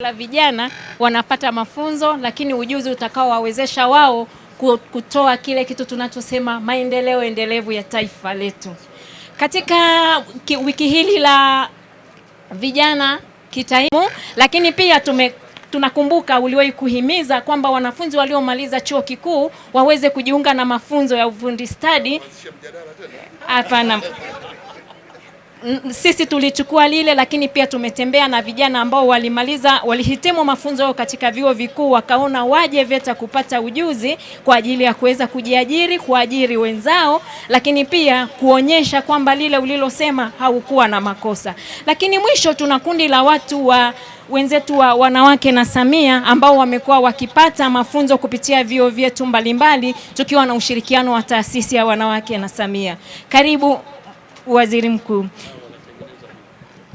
la vijana wanapata mafunzo lakini ujuzi utakaowawezesha wao kutoa kile kitu tunachosema maendeleo endelevu ya taifa letu. Katika wiki hili la vijana kitaimu, lakini pia tume tunakumbuka uliwahi kuhimiza kwamba wanafunzi waliomaliza chuo kikuu waweze kujiunga na mafunzo ya ufundi stadi. Hapana sisi tulichukua lile, lakini pia tumetembea na vijana ambao walimaliza walihitimu mafunzo yao katika vyuo vikuu, wakaona waje VETA kupata ujuzi kwa ajili ya kuweza kujiajiri, kuajiri wenzao, lakini pia kuonyesha kwamba lile ulilosema haukuwa na makosa. Lakini mwisho tuna kundi la watu wa wenzetu wa wanawake na Samia ambao wamekuwa wakipata mafunzo kupitia vyuo vyetu mbalimbali, tukiwa na ushirikiano wa taasisi ya wanawake na Samia. Karibu Waziri Mkuu.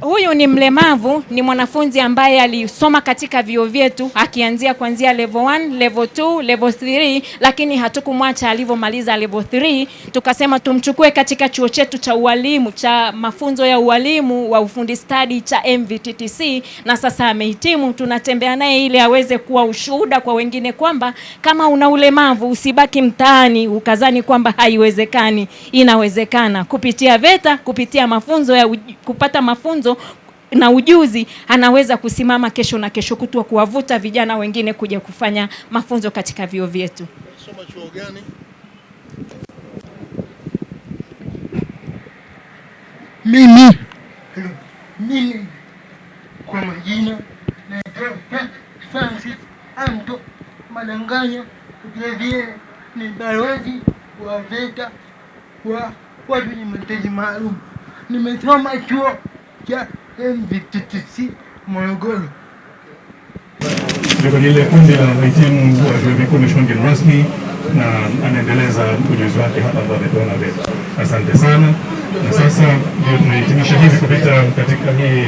Huyu ni mlemavu, ni mwanafunzi ambaye alisoma katika vyuo vyetu akianzia kuanzia level 1, level 2, level 3, lakini hatukumwacha alivyomaliza level 3, tukasema tumchukue katika chuo chetu cha ualimu cha mafunzo ya ualimu wa ufundi stadi cha MVTTC, na sasa amehitimu. Tunatembea naye ili aweze kuwa ushuhuda kwa wengine kwamba kama una ulemavu usibaki mtaani ukazani kwamba haiwezekani, inawezekana kupitia VETA, kupitia mafunzo ya kupata mafunzo na ujuzi anaweza kusimama kesho na kesho kutwa kuwavuta vijana wengine kuja kufanya mafunzo katika vyuo vyetu. Soma chuo gani? Mimi mimi kwa majina naitwa Francis Anto Malanganya, vilevile ni balozi wa VETA wa watu wenye mahitaji maalum. Nimesoma chuo ya MVTTC Morogoro. Kwa ile kundi la wahitimu wa vyuo vikuu ni shule rasmi na anaendeleza ujuzi wake hapa ambao amepeana leo. Asante sana, na sasa ndio tunahitimisha hivi kupita katika hii